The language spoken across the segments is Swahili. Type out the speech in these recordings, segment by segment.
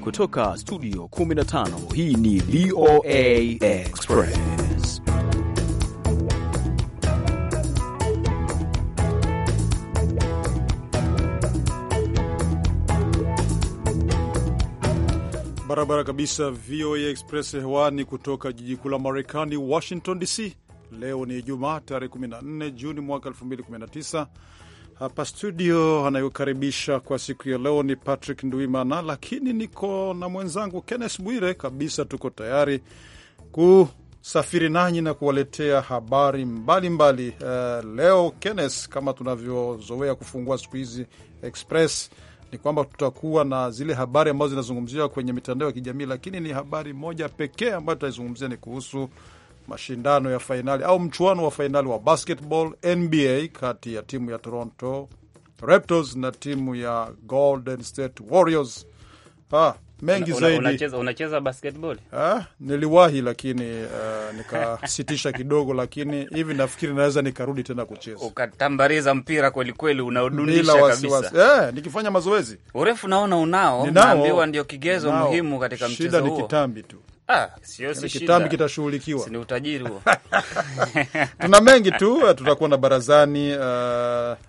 Kutoka studio 15 hii ni VOA Express. Barabara kabisa, VOA Express hewani kutoka jiji kuu la Marekani, Washington DC. Leo ni Ijumaa tarehe 14 Juni mwaka 2019 hapa studio anayokaribisha kwa siku ya leo ni Patrick Ndwimana, lakini niko na mwenzangu Kennes Bwire. Kabisa, tuko tayari kusafiri nanyi na kuwaletea habari mbalimbali mbali. Uh, eh, leo Kennes, kama tunavyozoea kufungua siku hizi Express, ni kwamba tutakuwa na zile habari ambazo zinazungumziwa kwenye mitandao ya kijamii, lakini ni habari moja pekee ambayo tutaizungumzia ni kuhusu mashindano ya fainali au mchuano wa fainali wa basketball NBA kati ya timu ya Toronto Raptors na timu ya Golden State Warriors. Ha, mengi zaidi. Unacheza, basketball? Ha, niliwahi lakini uh, nikasitisha kidogo, lakini hivi nafikiri naweza nikarudi tena kucheza. Ukatambariza mpira kwelikweli, unaodunisha kabisa. Eh, nikifanya mazoezi. Urefu naona unao, ndio kigezo muhimu katika mchezo huo. Shida ni kitambi tu. Ah, kitambi kitashughulikiwa. utajiri huo. Tuna mengi tu, eh, tutakuwa na barazani uh,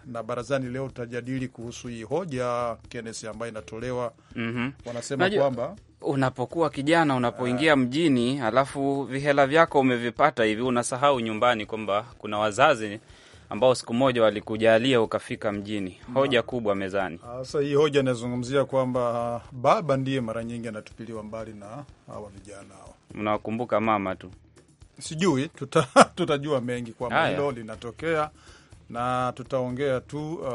na barazani leo tutajadili kuhusu hii hoja kenesi ambayo inatolewa mm -hmm. Wanasema kwamba unapokuwa kijana unapoingia eh. mjini alafu vihela vyako umevipata hivi unasahau nyumbani kwamba kuna wazazi ambao siku moja walikujalia ukafika mjini. Hoja kubwa mezani. Ah, sasa hii hoja inazungumzia kwamba ah, baba ndiye mara nyingi anatupiliwa mbali na hawa vijana hao. Mnawakumbuka mama tu, sijui tuta, tutajua mengi kwamba hilo linatokea na tutaongea tu uh,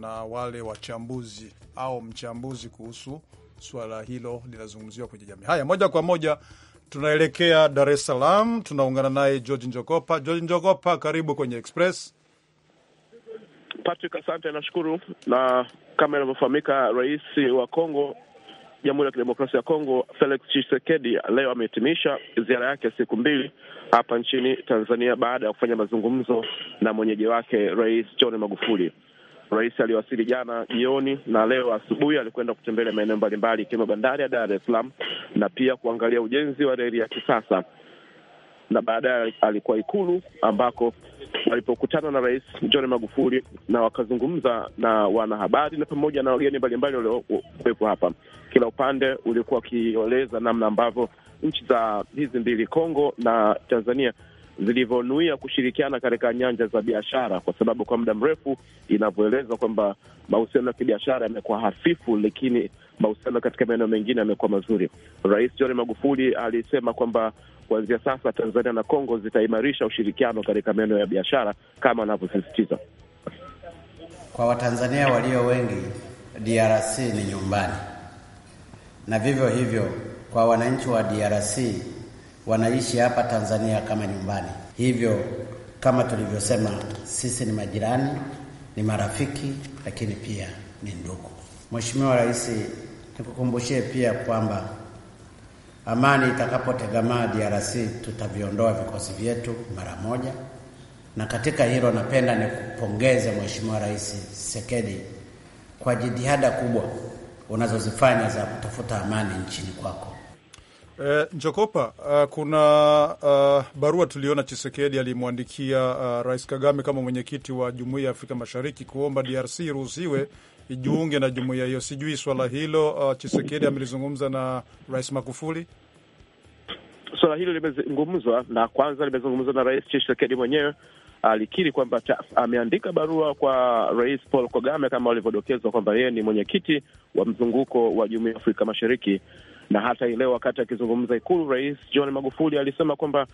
na wale wachambuzi au mchambuzi kuhusu suala hilo linazungumziwa kwenye jamii. Haya, moja kwa moja tunaelekea Dar es Salaam, tunaungana naye George Njogopa. George Njogopa, karibu kwenye Express. Patrick, asante, nashukuru. Na kama inavyofahamika, rais wa Kongo, Jamhuri ya Kidemokrasia ya Kongo, Felix Tshisekedi leo amehitimisha ziara yake ya siku mbili hapa nchini Tanzania baada ya kufanya mazungumzo na mwenyeji wake Rais John Magufuli. Rais aliwasili jana jioni na leo asubuhi alikwenda kutembelea maeneo mbalimbali ikiwemo bandari ya Dar es Salaam na pia kuangalia ujenzi wa reli ya kisasa na baadaye alikuwa Ikulu ambako walipokutana na Rais John Magufuli na wakazungumza na wanahabari na pamoja na wageni mbalimbali waliokuwepo hapa. Kila upande ulikuwa wakioleza namna ambavyo nchi za hizi mbili, Kongo na Tanzania, zilivyonuia kushirikiana katika nyanja za biashara, kwa sababu kwa muda mrefu inavyoelezwa kwamba mahusiano ya kibiashara yamekuwa hafifu, lakini mahusiano katika maeneo mengine yamekuwa mazuri. Rais John Magufuli alisema kwamba kuanzia sasa Tanzania na Kongo zitaimarisha ushirikiano katika maeneo ya biashara kama anavyosisitiza. Kwa Watanzania walio wengi, DRC ni nyumbani, na vivyo hivyo kwa wananchi wa DRC wanaishi hapa Tanzania kama nyumbani. Hivyo kama tulivyosema, sisi ni majirani, ni marafiki, lakini pia ni ndugu. Mheshimiwa Rais, nikukumbushie pia kwamba Amani itakapotegamaa DRC, tutaviondoa vikosi vyetu mara moja, na katika hilo napenda nikupongeze Mheshimiwa Rais Sekedi kwa jitihada kubwa unazozifanya za kutafuta amani nchini kwako. E, Njokopa, uh, kuna uh, barua tuliona Chisekedi alimwandikia uh, Rais Kagame kama mwenyekiti wa Jumuiya ya Afrika Mashariki kuomba DRC iruhusiwe ijiunge na jumuiya hiyo. Sijui swala hilo uh, Chisekedi amelizungumza na Rais Magufuli. Swala hilo limezungumzwa na kwanza limezungumzwa na Rais Chisekedi mwenyewe alikiri kwamba ameandika barua kwa Rais Paul Kagame kama walivyodokezwa kwamba yeye ni mwenyekiti wa mzunguko wa Jumuiya ya Afrika Mashariki. Na hata ileo wakati akizungumza Ikulu, Rais John Magufuli alisema kwamba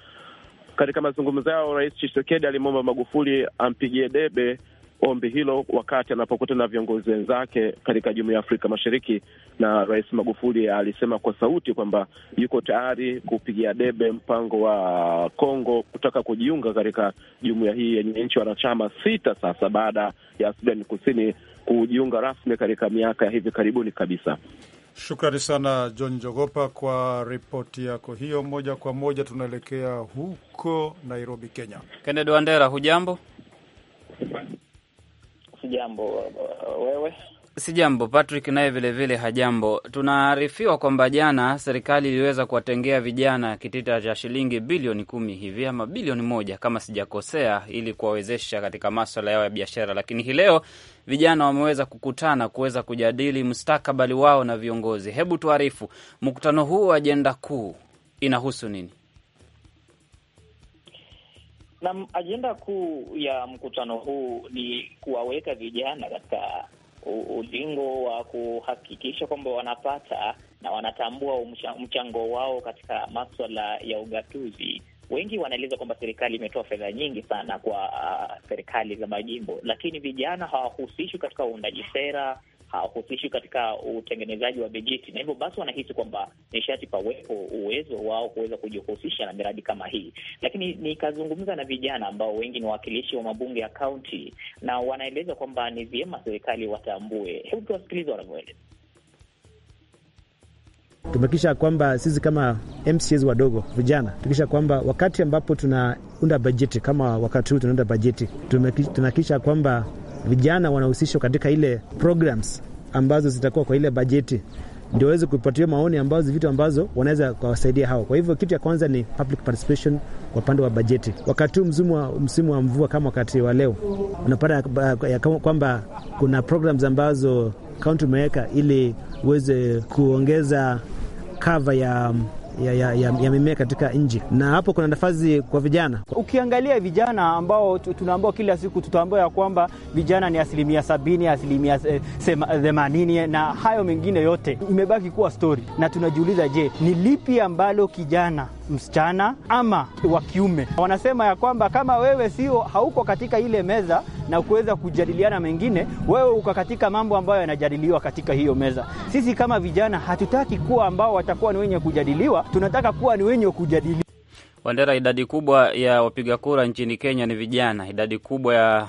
katika mazungumzo yao Rais chisekedi alimwomba Magufuli ampigie debe ombi hilo wakati anapokutana na viongozi wenzake katika jumuiya ya Afrika Mashariki, na Rais Magufuli alisema kwa sauti kwamba yuko tayari kupigia debe mpango wa Kongo kutaka kujiunga katika jumuiya hii yenye nchi wanachama sita sasa baada ya Sudani Kusini kujiunga rasmi katika miaka ya hivi karibuni kabisa. Shukrani sana John Jogopa kwa ripoti yako hiyo. Moja kwa moja tunaelekea huko Nairobi, Kenya. Kennedy Wandera, hujambo? Sijambo. Uh, wewe? Sijambo. Patrick naye vilevile hajambo. Tunaarifiwa kwamba jana serikali iliweza kuwatengea vijana kitita cha shilingi bilioni kumi hivi ama bilioni moja kama sijakosea, ili kuwawezesha katika maswala yao ya biashara, lakini hii leo vijana wameweza kukutana kuweza kujadili mustakabali wao na viongozi. Hebu tuarifu, mkutano huu wa ajenda kuu inahusu nini? Na ajenda kuu ya mkutano huu ni kuwaweka vijana katika ulingo wa kuhakikisha kwamba wanapata na wanatambua mchango wao katika maswala ya ugatuzi. Wengi wanaeleza kwamba serikali imetoa fedha nyingi sana kwa uh, serikali za majimbo, lakini vijana hawahusishwi katika uundaji sera hawahusishi uh, katika utengenezaji wa bajeti, na hivyo basi wanahisi kwamba nishati pawepo uwezo wao kuweza kujihusisha na miradi kama hii. Lakini nikazungumza na vijana ambao wengi ni wawakilishi wa mabunge ya kaunti, na wanaeleza kwamba ni vyema serikali watambue. Hebu tuwasikiliza wanavyoeleza. Tumekisha kwamba sisi kama MCAs wadogo vijana tukisha kwamba wakati ambapo tunaunda bajeti kama wakati huu tunaunda bajeti, tunakisha kwamba vijana wanahusishwa katika ile programs ambazo zitakuwa kwa ile bajeti ndio waweze kupatiwa maoni ambazo vitu ambazo wanaweza kuwasaidia hao. Kwa hivyo kitu ya kwanza ni public participation kwa upande wa bajeti. Wakati huu msimu wa mvua kama wakati wa leo, unapata kwamba kuna programs ambazo kaunti imeweka ili uweze kuongeza kava ya ya, ya, ya, ya mimea katika nchi, na hapo kuna nafasi kwa vijana. Ukiangalia vijana ambao tunaambiwa kila siku, tutaambiwa ya kwamba vijana ni asilimia sabini, asilimia eh, themanini, na hayo mengine yote imebaki kuwa stori, na tunajiuliza, je, ni lipi ambalo kijana msichana ama wa kiume. Wanasema ya kwamba kama wewe sio hauko katika ile meza na kuweza kujadiliana mengine, wewe uko katika mambo ambayo yanajadiliwa katika hiyo meza. Sisi kama vijana hatutaki kuwa ambao watakuwa ni wenye kujadiliwa, tunataka kuwa ni wenye kujadili. Wandera, idadi kubwa ya wapiga kura nchini Kenya ni vijana. Idadi kubwa ya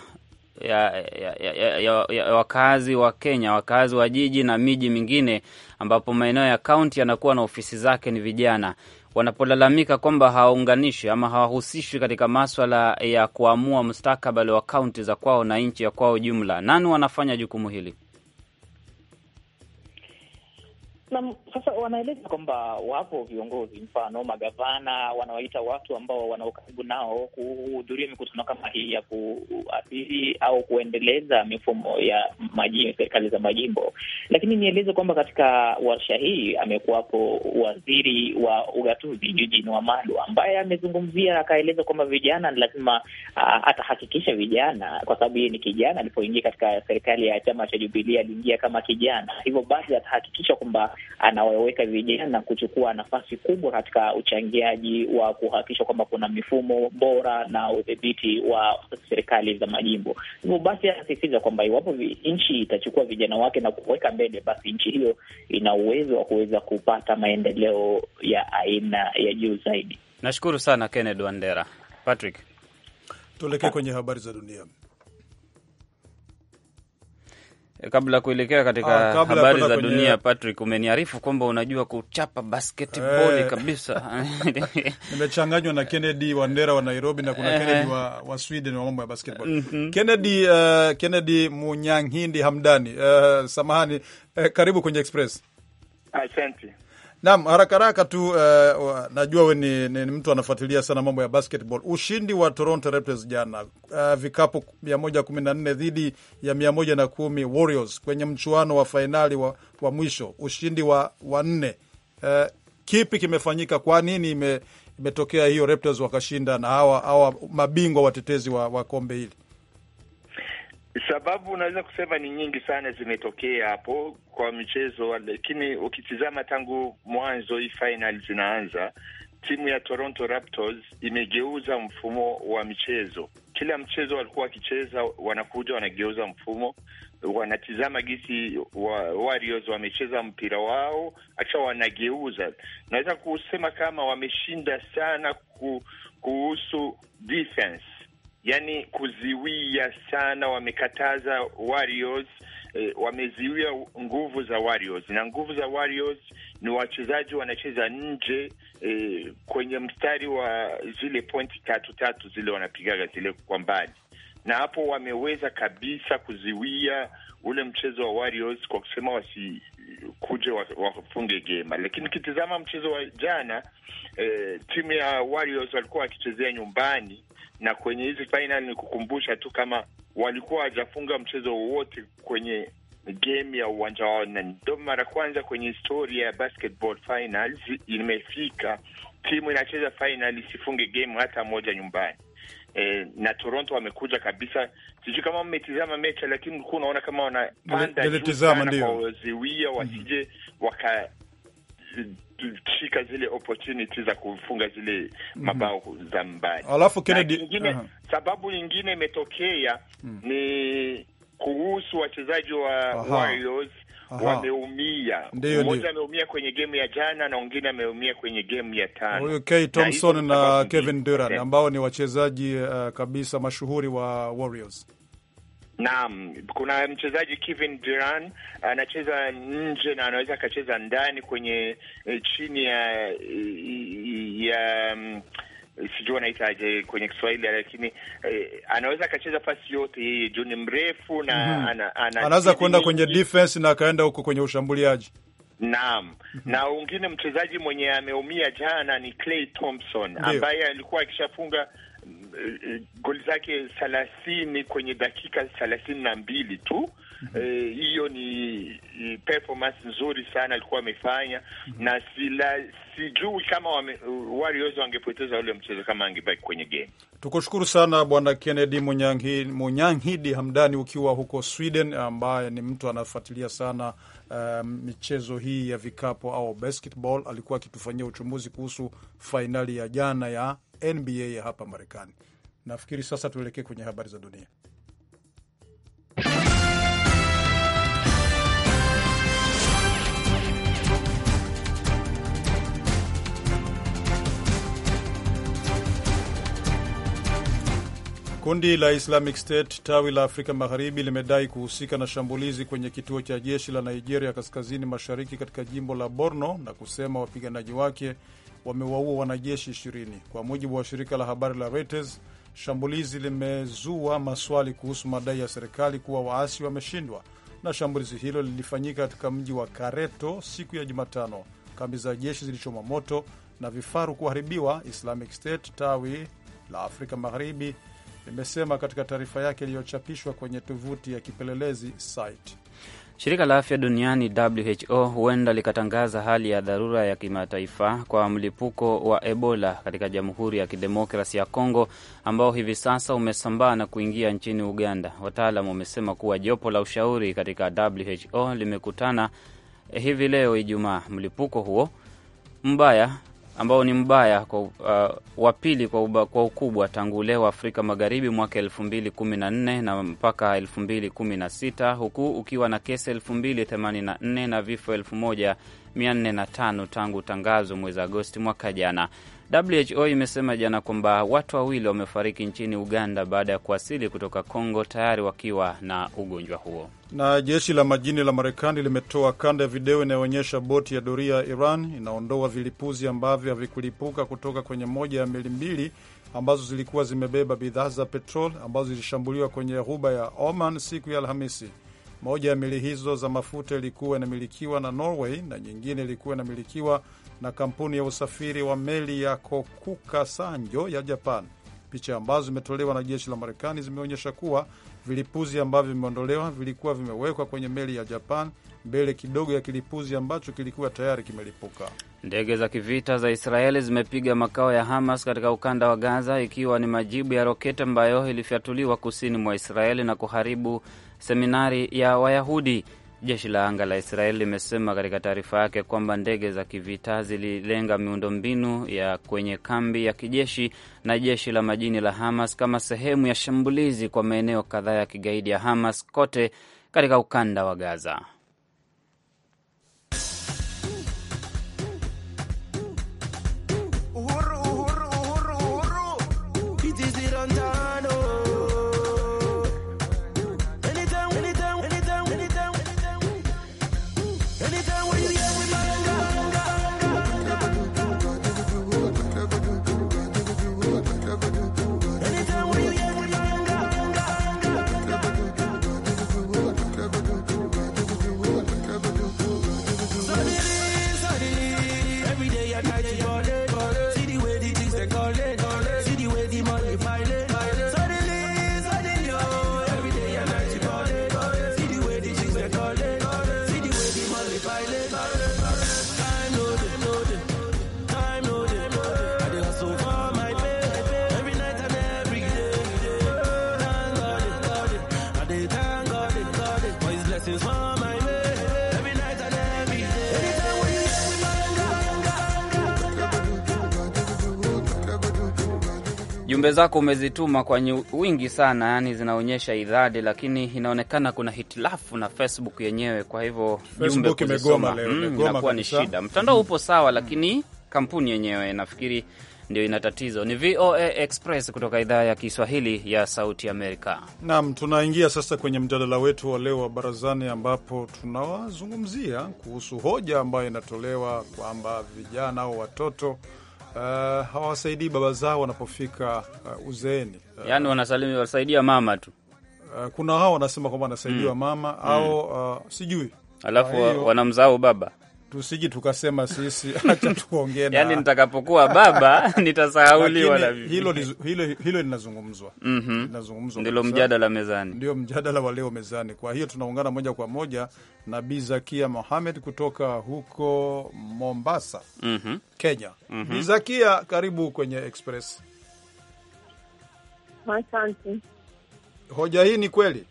ya, ya, ya, ya, ya wakazi wa Kenya, wakazi wa jiji na miji mingine ambapo maeneo ya kaunti yanakuwa na ofisi zake ni vijana wanapolalamika kwamba hawaunganishi ama hawahusishwi katika maswala ya kuamua mustakabali wa kaunti za kwao na nchi ya kwao jumla. Nani wanafanya jukumu hili? Naam, sasa wanaeleza kwamba wapo viongozi, mfano magavana, wanawaita watu ambao wana nao kuhudhuria mikutano kama hii ya kuathiri au kuendeleza mifumo ya majimbo, serikali za majimbo. Lakini nieleze kwamba katika warsha hii amekuwapo waziri wa ugatuzi Eugene Wamalwa ambaye amezungumzia akaeleza kwamba vijana lazima atahakikisha vijana, kwa sababu yeye ni kijana. Alipoingia katika serikali ya chama cha Jubilee aliingia kama kijana, hivyo basi atahakikisha kwamba anawaweka vijana kuchukua nafasi kubwa katika uchangiaji wa kuhakikisha kwamba kuna mifumo bora na udhibiti wa serikali za majimbo. Hivyo basi, anasisitiza kwamba iwapo nchi itachukua vijana wake na kuweka mbele, basi nchi hiyo ina uwezo wa kuweza kupata maendeleo ya aina ya juu zaidi. Nashukuru sana Kenneth Wandera. Patrick, tuelekee kwenye habari za dunia. Kabla ya kuelekea katika ah, habari za dunia kwenye... Patrick, umeniarifu kwamba unajua kuchapa basketball hey, eh. kabisa nimechanganywa na Kennedy Wandera wa Nairobi na kuna eh. Kennedy wa, wa Sweden wa mambo ya basketball mm -hmm. Kennedy, uh, Kennedy Munyanghindi Hamdani, uh, samahani, uh, karibu kwenye Express. Asante. Naam, haraka haraka tu uh, najua we ni, ni, ni mtu anafuatilia sana mambo ya basketball. Ushindi wa Toronto Raptors jana uh, vikapu 114 dhidi ya 110 Warriors kwenye mchuano wa fainali wa, wa mwisho, ushindi wa wanne. Uh, eh, kipi kimefanyika? Kwa nini imetokea ime hiyo Raptors wakashinda na hawa, hawa mabingwa watetezi wa, wa kombe hili? Sababu unaweza kusema ni nyingi sana zimetokea hapo kwa michezo, lakini ukitizama tangu mwanzo hii final zinaanza, timu ya Toronto Raptors imegeuza mfumo wa michezo. Kila mchezo walikuwa wakicheza, wanakuja wanageuza mfumo, wanatizama gisi wa Warriors wamecheza mpira wao, acha wanageuza. Naweza kusema kama wameshinda sana kuhusu defense yani kuziwia sana, wamekataza Warriors eh, wameziwia nguvu za Warriors, na nguvu za Warriors ni wachezaji wanacheza nje eh, kwenye mstari wa zile pointi tatu tatu zile wanapigaga zile kwa mbali, na hapo wameweza kabisa kuziwia ule mchezo wa Warriors kwa kusema wasikuje wafunge gema. Lakini ukitizama mchezo wa jana eh, timu ya Warriors walikuwa wakichezea nyumbani na kwenye hizi fainali ni kukumbusha tu kama walikuwa wajafunga mchezo wowote kwenye game ya uwanja wao, na ndo mara kwanza kwenye historia ya basketball finals imefika timu inacheza final isifunge game hata moja nyumbani. E, na Toronto wamekuja kabisa. Sijui kama mmetizama mecha, lakini ulikuwa unaona kama wanapanda juu sana wasije mhm. waka kushika zile opportunity za kufunga zile mhm. mabao mm -hmm. za mbali. Alafu Kennedy, nyingine, uh -huh. sababu nyingine imetokea mm. ni kuhusu wachezaji wa Warriors wameumia, mmoja ameumia kwenye game ya jana na mwingine ameumia kwenye game ya tano. Huyu Klay Thompson na, na Kevin Durant eh. ambao ni wachezaji uh, kabisa mashuhuri wa Warriors. Naam, kuna mchezaji Kevin Durant anacheza nje na anaweza akacheza ndani kwenye eh, chini ya eh, ya mm, sijui anaitaje kwenye Kiswahili, lakini eh, anaweza akacheza fasi yote. Yeye juu ni mrefu na mm -hmm. ana, ana, anaweza kuenda kwenye defense na akaenda huko kwenye ushambuliaji. Naam. mm -hmm. Na wengine mchezaji mwenye ameumia jana ni Clay Thompson ambaye alikuwa akishafunga Eh, eh, goli zake thelathini kwenye dakika thelathini na mbili tu Eh, hiyo E, ni performance nzuri sana alikuwa amefanya mhm. na sila, sijui kama Warriors wangepoteza ule mchezo kama angebaki kwenye game. Tukushukuru sana bwana Kennedy Munyanghi, Munyang'hidi Hamdani ukiwa huko Sweden, ambaye ni mtu anafuatilia sana uh, michezo hii ya vikapo au basketball. Alikuwa akitufanyia uchambuzi kuhusu fainali ya jana ya NBA ya hapa Marekani. Nafikiri sasa tuelekee kwenye habari za dunia. Kundi la Islamic State tawi la Afrika Magharibi limedai kuhusika na shambulizi kwenye kituo cha jeshi la Nigeria kaskazini mashariki katika jimbo la Borno na kusema wapiganaji wake wamewaua wanajeshi ishirini Kwa mujibu wa shirika la habari la Reuters, shambulizi limezua maswali kuhusu madai ya serikali kuwa waasi wameshindwa, na shambulizi hilo lilifanyika katika mji wa Kareto siku ya Jumatano. Kambi za jeshi zilichoma moto na vifaru kuharibiwa. Islamic State tawi la Afrika Magharibi limesema katika taarifa yake iliyochapishwa kwenye tovuti ya kipelelezi Site. Shirika la afya duniani WHO huenda likatangaza hali ya dharura ya kimataifa kwa mlipuko wa Ebola katika Jamhuri ya Kidemokrasi ya congo ambao hivi sasa umesambaa na kuingia nchini Uganda. Wataalam wamesema kuwa jopo la ushauri katika WHO limekutana eh, hivi leo Ijumaa. Mlipuko huo mbaya ambao ni mbaya kwa, uh, wa pili kwa, kwa ukubwa tangu leo Afrika Magharibi mwaka elfu mbili kumi na nne na mpaka elfu mbili kumi na sita huku ukiwa na kesi elfu mbili themanini na nne na vifo elfu moja mia nne na tano tangu tangazo mwezi Agosti mwaka jana. WHO imesema jana kwamba watu wawili wamefariki nchini Uganda baada ya kuwasili kutoka Kongo tayari wakiwa na ugonjwa huo. Na jeshi la majini la Marekani limetoa kanda ya video inayoonyesha boti ya doria ya Iran inaondoa vilipuzi ambavyo havikulipuka kutoka kwenye moja ya meli mbili ambazo zilikuwa zimebeba bidhaa za petrol ambazo zilishambuliwa kwenye ghuba ya Oman siku ya Alhamisi. Moja ya meli hizo za mafuta ilikuwa inamilikiwa na Norway na nyingine ilikuwa inamilikiwa na kampuni ya usafiri wa meli ya Kokuka Sanjo ya Japan. Picha ambazo zimetolewa na jeshi la Marekani zimeonyesha kuwa vilipuzi ambavyo vimeondolewa vilikuwa vimewekwa kwenye meli ya Japan mbele kidogo ya kilipuzi ambacho kilikuwa tayari kimelipuka. Ndege za kivita za Israeli zimepiga makao ya Hamas katika ukanda wa Gaza, ikiwa ni majibu ya roketi ambayo ilifyatuliwa kusini mwa Israeli na kuharibu seminari ya Wayahudi. Jeshi la anga la Israeli limesema katika taarifa yake kwamba ndege za kivita zililenga miundombinu ya kwenye kambi ya kijeshi na jeshi la majini la Hamas kama sehemu ya shambulizi kwa maeneo kadhaa ya kigaidi ya Hamas kote katika ukanda wa Gaza. night, you got jumbe zako umezituma kwa wingi sana, yani zinaonyesha idadi, lakini inaonekana kuna hitilafu na Facebook yenyewe. Kwa hivyo jumbe kuzisoma mm, inakuwa ni shida. Mtandao mm-hmm. upo sawa, lakini kampuni yenyewe nafikiri ndio ina tatizo. Ni VOA Express kutoka idhaa ya Kiswahili ya Sauti Amerika. Naam, tunaingia sasa kwenye mjadala wetu wa leo wa barazani, ambapo tunawazungumzia kuhusu hoja ambayo inatolewa kwamba vijana au watoto uh, hawasaidii baba zao wanapofika uh, uzeeni uh, eh, yani wanasaidia mama tu uh, kuna hao wanasema kwamba wanasaidiwa mm. mama mm. au uh, sijui alafu wanamzao baba tusiji tukasema sisi acha tuongee na yani, nitakapokuwa baba nitasahauliwa na hilo. Hilo hilo linazungumzwa, mm -hmm. ndilo mjadala mezani, ndio mjadala wa leo mezani. Kwa hiyo tunaungana moja kwa moja na Bizakia Mohamed kutoka huko Mombasa, mm -hmm. Kenya. mm -hmm. Bizakia, karibu kwenye Express. Asante. Hoja hii ni kweli,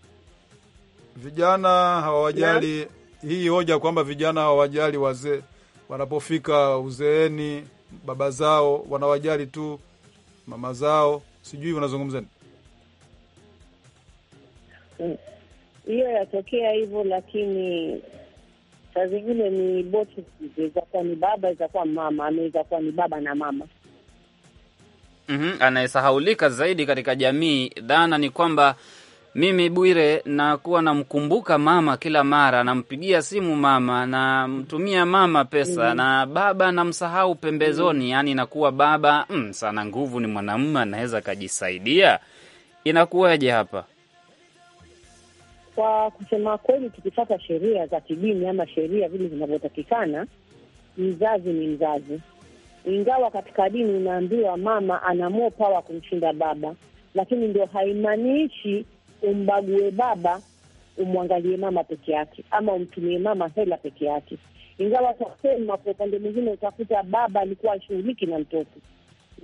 vijana hawajali yeah hii hoja kwamba vijana hawajali wazee, wanapofika uzeeni baba zao wanawajali tu mama zao, sijui wanazungumza nini? Hiyo yatokea hivyo, lakini saa zingine ni both, za kuwa ni baba, za kuwa mama, anaweza kuwa ni baba na mama. Mm -hmm. Anayesahaulika zaidi katika jamii, dhana ni kwamba mimi Bwire nakuwa namkumbuka mama kila mara, nampigia simu mama, namtumia mama pesa mm -hmm. na baba namsahau pembezoni mm -hmm. Yaani baba mm, sana nguvu, ni mwanamume anaweza akajisaidia. Inakuwaje hapa? Kwa kusema kweli, tukifata sheria za kidini ama sheria vile zinavyotakikana, mzazi ni mzazi, ingawa katika dini unaambiwa mama ana more power kumshinda baba, lakini ndio haimaanishi umbague baba umwangalie mama peke yake, ama umtumie mama hela peke yake. Ingawa tasema kwa upande mwingine utakuta baba alikuwa ashughuliki na mtoto,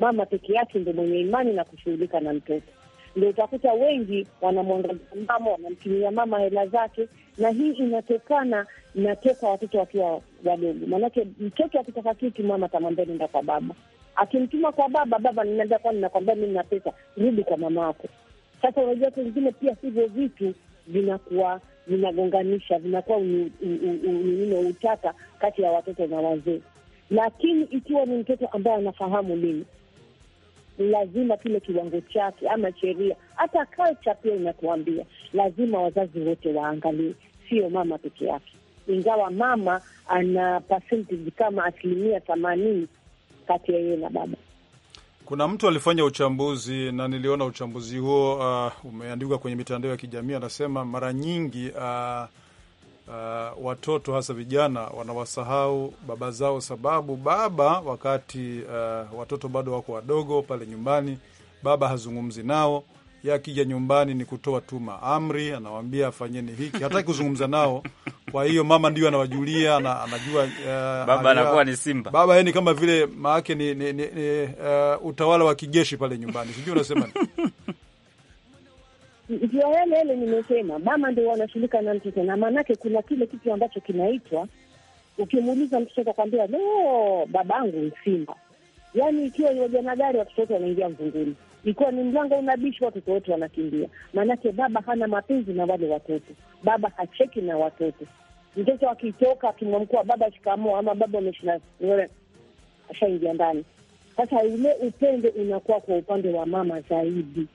mama peke yake ndo mwenye imani na kushughulika na mtoto. Ndo utakuta wengi wanamwangalia mama, wanamtumia mama hela zake, na hii inatokana na toka watoto wakiwa wadogo. Maanake mtoto akitaka kitu, mama atamwambia nenda kwa baba, akimtuma kwa baba, baba ninaenda kwa, ninakwambia mi nina pesa, rudi kwa mama wako sasa unajua kwengine pia hivyo vitu vinakuwa vinagonganisha, vinakuwa ninino utata kati ya watoto na wazee. Lakini ikiwa ni mtoto ambaye anafahamu lini, lazima kile kiwango chake ama sheria, hata culture pia inatuambia lazima wazazi wote waangalie, sio mama peke yake, ingawa mama ana percentage kama asilimia themanini kati ya yeye na baba. Kuna mtu alifanya uchambuzi na niliona uchambuzi huo uh, umeandikwa kwenye mitandao ya kijamii. Anasema mara nyingi uh, uh, watoto hasa vijana wanawasahau baba zao, sababu baba wakati uh, watoto bado wako wadogo pale nyumbani, baba hazungumzi nao yakija nyumbani ni kutoa tu maamri, anawaambia afanyeni hiki, hataki kuzungumza nao Kwa hiyo mama ndio anawajulia na anajua uh, baba anakuwa ni simba baba, yani kama vile maake ni, ni, ni, ni uh, utawala wa kijeshi pale nyumbani, sijui unasema ndio yale yale nimesema, mama ndio wanashughulika na mtoto, na maanake kuna kile kitu ambacho kinaitwa, ukimuuliza mtoto akakwambia, no, babangu ni simba. Yani ikiwa iwaja na gari watoto wanaingia mvunguni ikiwa ni mlango unabishi, watoto wote wanakimbia, maanake baba hana mapenzi na wale watoto, baba hacheki na watoto. Mtoto akitoka akimwamkua baba shikamoo, ama baba ameshinda, ashaingia ndani. Sasa ule upendo unakuwa kwa upande wa mama zaidi,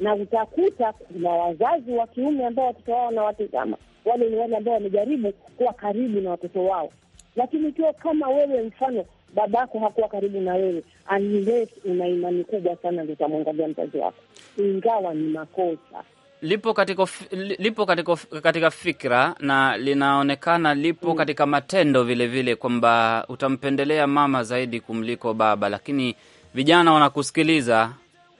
na utakuta kuna wazazi wa kiume ambao watoto wao wanawatizama. Wale ni wale ambao wamejaribu kuwa karibu na watoto wao, lakini ikiwa kama wewe mfano babako hakuwa karibu na wewe, unless una imani kubwa sana, litamwangalia mzazi wako, ingawa ni makosa lipo katika lipo katika katika fikra na linaonekana lipo mm, katika matendo vile vile, kwamba utampendelea mama zaidi kumliko baba, lakini vijana wanakusikiliza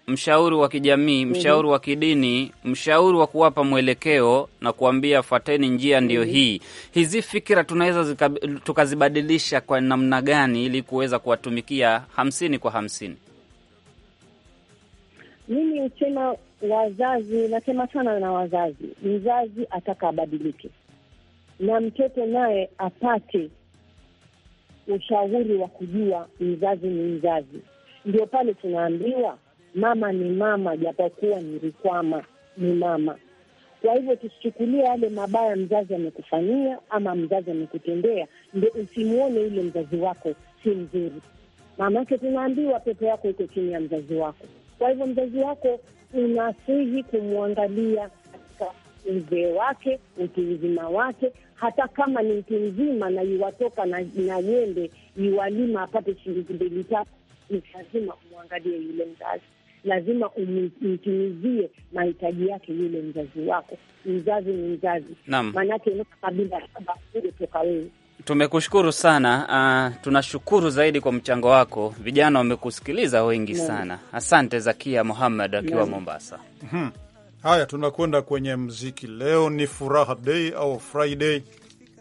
mshauri wa kijamii, mhm. mshauri wa kidini, mshauri wa kuwapa mwelekeo na kuambia fuateni njia ndiyo mhm. hii. Hizi fikira tunaweza tukazibadilisha kwa namna gani ili kuweza kuwatumikia hamsini kwa hamsini? Mimi husema wazazi, nasema sana na wazazi, mzazi ataka abadilike na mtoto naye apate ushauri wa kujua mzazi ni mzazi. Ndio pale tunaambiwa mama ni mama, japokuwa ni rikwama, ni mama. Kwa hivyo tusichukulie yale mabaya mzazi amekufanyia ama mzazi amekutendea ndio usimwone yule mzazi wako si mzuri, maanake tunaambiwa pepo yako iko chini ya mzazi wako. Kwa hivyo mzazi wako unasihi kumwangalia katika uzee wake, utu uzima wake, hata kama ni mtu mzima na iwatoka na, na nyembe iwalima apate shilingi mbili tatu, ni lazima umwangalie yule mzazi lazima umtimizie mahitaji yake yule mzazi wako. Mzazi ni mzazi, maanake kabila saba toka wewe. Tumekushukuru sana uh, tunashukuru zaidi kwa mchango wako. Vijana wamekusikiliza wengi sana. Asante Zakia Muhammad akiwa Mombasa. Hmm. Haya, tunakwenda kwenye mziki. Leo ni furaha dei au Friday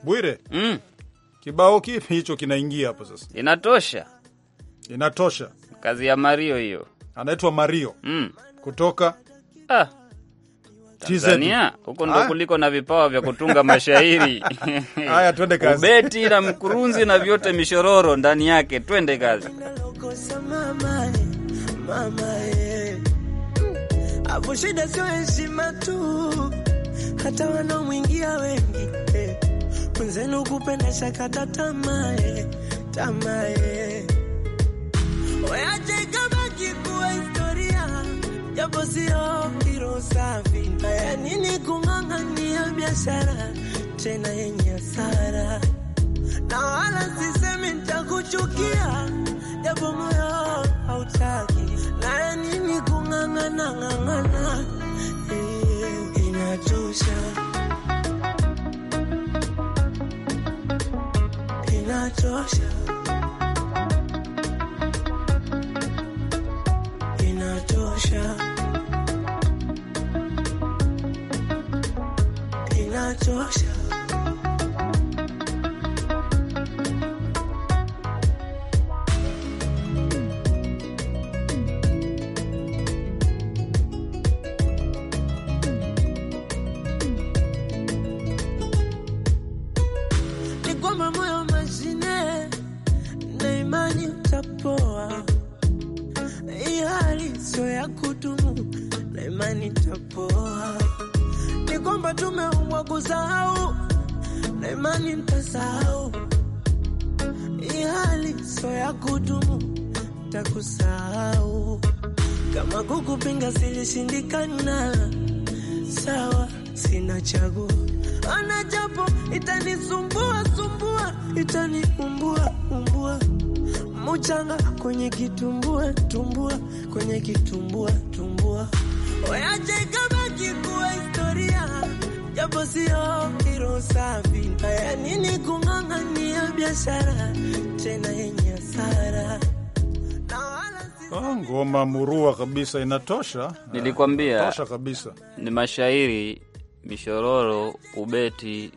Bwire. Mm. Kibao kipi hicho kinaingia hapo sasa? Inatosha, inatosha, kazi ya Mario hiyo anaitwa Mario mm. kutoka ah. Tanzania huko ndo ah. kuliko na vipawa vya kutunga mashairi haya, twende kazi. Ubeti na mkurunzi na vyote mishororo ndani yake, twende kazi. Hapo shida sio heshima tu, hata wanaomwingia wengi eh. wenzenu kupenda shakata tamae tamae japo sio kiro safi. Haya nini kung'ang'ania biashara tena yenye hasara, na wala sisemi nitakuchukia, japo moyo hautaki. Haya nini kung'ang'ana ng'ang'ana, hey, eh, inatosha, inatosha 你那坐下。itanisumbua sumbua, itaniumbua umbua, muchanga kwenye kitumbua tumbua, kwenye kitumbua tumbua, wayache kama kikuwa historia, japo sio hilo safi. Haya nini kung'ang'ania biashara tena yenye hasara? Ah, ngoma murua kabisa, inatosha. Nilikwambia tosha kabisa, ni mashairi, mishororo, ubeti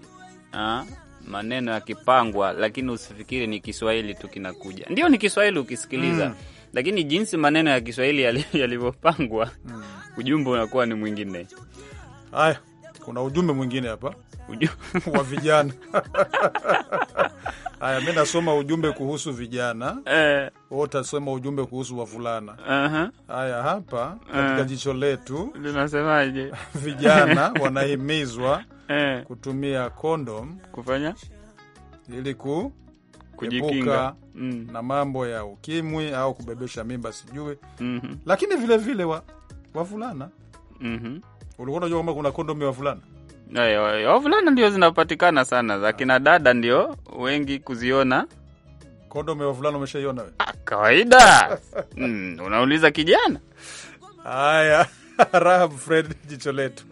ha? maneno yakipangwa, lakini usifikiri ni Kiswahili tu kinakuja. Ndio, ni Kiswahili ukisikiliza mm. lakini jinsi maneno ya Kiswahili yalivyopangwa yali mm. ujumbe unakuwa ni mwingine. Haya, kuna ujumbe mwingine hapa wa vijana Haya, mi nasoma ujumbe kuhusu vijana eh. Utasoma ujumbe kuhusu wavulana haya. uh -huh. Hapa katika uh jicho letu linasemaje? vijana wanahimizwa eh. kutumia kondom kufanya ili ku kujikinga mm. na mambo ya ukimwi au kubebesha mimba sijui mm -hmm. Lakini vilevile wavulana wa wavulana mm -hmm. Ulikuwa unajua kwamba kuna kondomu ya wavulana? Wavulana ndio zinapatikana sana, za kina ah. dada ndio wengi kuziona. Kondomu ya wavulana umeshaiona ah, Kawaida. Mm, unauliza kijana. Haya, Rahabu Fred, jicho letu.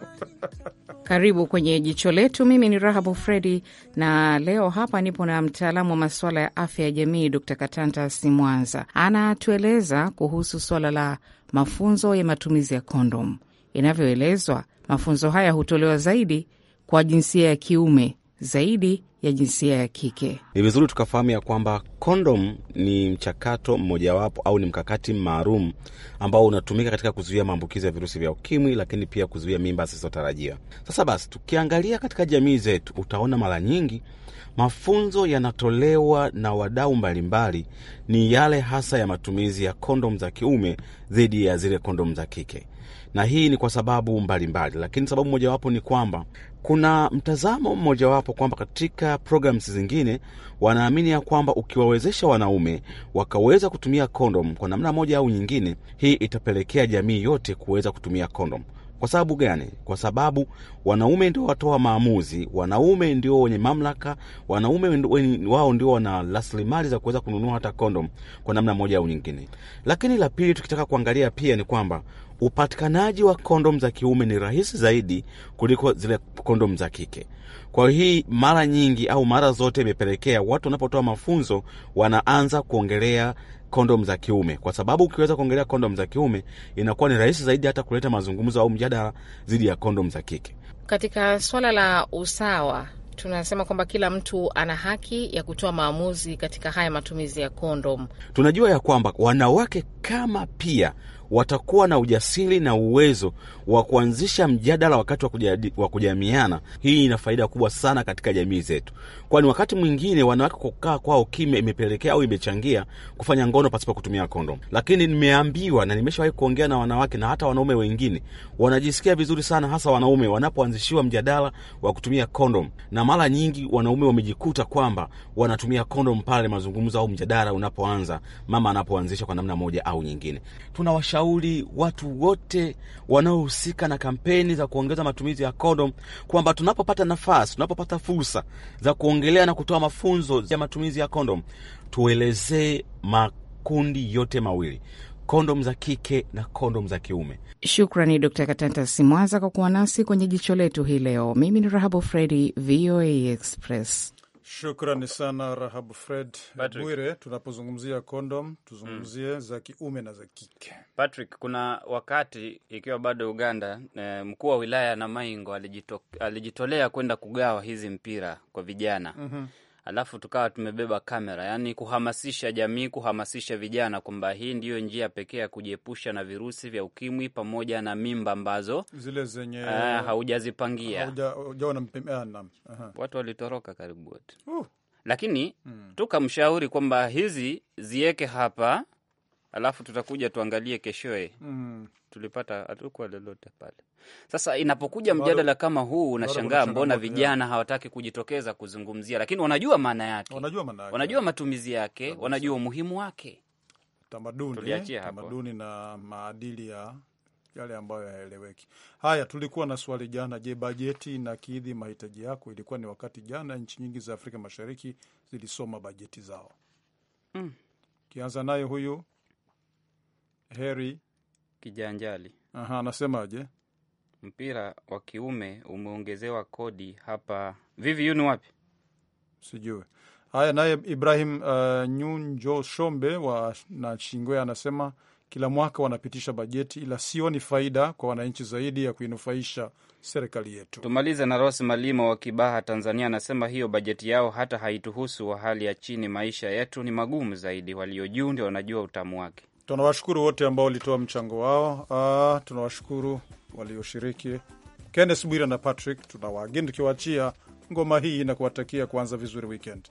Karibu kwenye jicho letu. Mimi ni Rahabu Fredi, na leo hapa nipo na mtaalamu wa masuala ya afya ya jamii, Dr Katanta Simwanza. Anatueleza kuhusu swala la mafunzo ya matumizi ya kondomu. Inavyoelezwa, mafunzo haya hutolewa zaidi kwa jinsia ya kiume zaidi ya jinsia ya kike. Ni vizuri tukafahamu ya kwamba kondom ni mchakato mmojawapo au ni mkakati maalum ambao unatumika katika kuzuia maambukizi ya virusi vya ukimwi, lakini pia kuzuia mimba zisizotarajiwa. Sasa basi, tukiangalia katika jamii zetu, utaona mara nyingi mafunzo yanatolewa na wadau mbalimbali ni yale hasa ya matumizi ya kondom za kiume dhidi ya zile kondom za kike na hii ni kwa sababu mbalimbali mbali. Lakini sababu mojawapo ni kwamba kuna mtazamo mmojawapo kwamba katika programs zingine wanaamini ya kwamba ukiwawezesha wanaume wakaweza kutumia kondom kwa namna moja au nyingine, hii itapelekea jamii yote kuweza kutumia kondom. Kwa sababu gani? Kwa sababu wanaume ndio watoa maamuzi, wanaume ndio wenye mamlaka, wanaume wao ndio wana rasilimali za kuweza kununua hata kondom kwa namna moja au nyingine. Lakini la pili, tukitaka kuangalia pia ni kwamba upatikanaji wa kondom za kiume ni rahisi zaidi kuliko zile kondom za kike. Kwa hii mara nyingi au mara zote imepelekea watu wanapotoa mafunzo wanaanza kuongelea kondom za kiume, kwa sababu ukiweza kuongelea kondom za kiume inakuwa ni rahisi zaidi hata kuleta mazungumzo au mjadala dhidi ya kondom za kike. Katika swala la usawa, tunasema kwamba kila mtu ana haki ya kutoa maamuzi katika haya matumizi ya kondom. Tunajua ya kwamba wanawake kama pia watakuwa na ujasiri na uwezo wa kuanzisha mjadala wakati wa, kujamiana. Hii ina faida kubwa sana katika jamii zetu, kwani wakati mwingine wanawake kukaa kwao kimya imepelekea au imechangia kufanya ngono pasipo kutumia kondomu. Lakini nimeambiwa na nimeshawahi kuongea na wanawake na hata wanaume wengine, wanajisikia vizuri sana, hasa wanaume wanapoanzishiwa mjadala wa kutumia kondomu, na mara nyingi wanaume wamejikuta kwamba wanatumia kondomu pale mazungumzo au mjadala unapoanza, mama anapoanzisha kwa namna moja au nyingine. tunawasha kuwashauri watu wote wanaohusika na kampeni za kuongeza matumizi ya kondom kwamba tunapopata nafasi, tunapopata fursa za kuongelea na kutoa mafunzo ya matumizi ya kondom, tuelezee makundi yote mawili, kondom za kike na kondom za kiume. Shukrani Dkt. Katanta Simwaza kwa kuwa nasi kwenye jicho letu hii leo. Mimi ni Rahabu Fredi, VOA Express. Shukrani sana Rahabu Fred Bwire. Tunapozungumzia kondom tuzungumzie mm, za kiume na za kike. Patrick, kuna wakati ikiwa bado Uganda, eh, mkuu wa wilaya na Maingo alijito, alijitolea kwenda kugawa hizi mpira kwa vijana mm -hmm alafu tukawa tumebeba kamera, yaani kuhamasisha jamii, kuhamasisha vijana kwamba hii ndiyo njia pekee ya kujiepusha na virusi vya ukimwi pamoja na mimba ambazo zile zenye eh, haujazipangia. Ah, Watu walitoroka karibu wote uh. Lakini hmm. tukamshauri kwamba hizi ziweke hapa alafu tutakuja tuangalie keshoe. mm. Mm-hmm. tulipata hatukuwa lolote pale. Sasa inapokuja mjadala kama huu, unashangaa mbona vijana hawataki kujitokeza kuzungumzia, lakini wanajua maana yake, wanajua maana yake, wanajua matumizi yake, wanajua umuhimu wake, tamaduni tamaduni na maadili ya yale ambayo hayaeleweki. Haya, tulikuwa na swali jana. Je, bajeti inakidhi mahitaji yako? Ilikuwa ni wakati jana nchi nyingi za Afrika Mashariki zilisoma bajeti zao. mm. kianza naye huyu Heri Kijanjali anasemaje? Mpira wa kiume umeongezewa kodi hapa. Vivi ni wapi? Sijui. Haya, naye Ibrahim uh, Nyunjo Shombe wa Nachingwea anasema kila mwaka wanapitisha bajeti, ila sioni faida kwa wananchi zaidi ya kuinufaisha serikali yetu. Tumalize na Ros Malimo wa Kibaha, Tanzania, anasema hiyo bajeti yao hata haituhusu wa hali ya chini. Maisha yetu ni magumu zaidi, walio juu ndio wanajua utamu wake. Tunawashukuru wote ambao walitoa mchango wao. Uh, tunawashukuru walioshiriki, Kennes Bwira na Patrick. wageni tukiwaachia ngoma hii na kuwatakia kuanza vizuri weekend.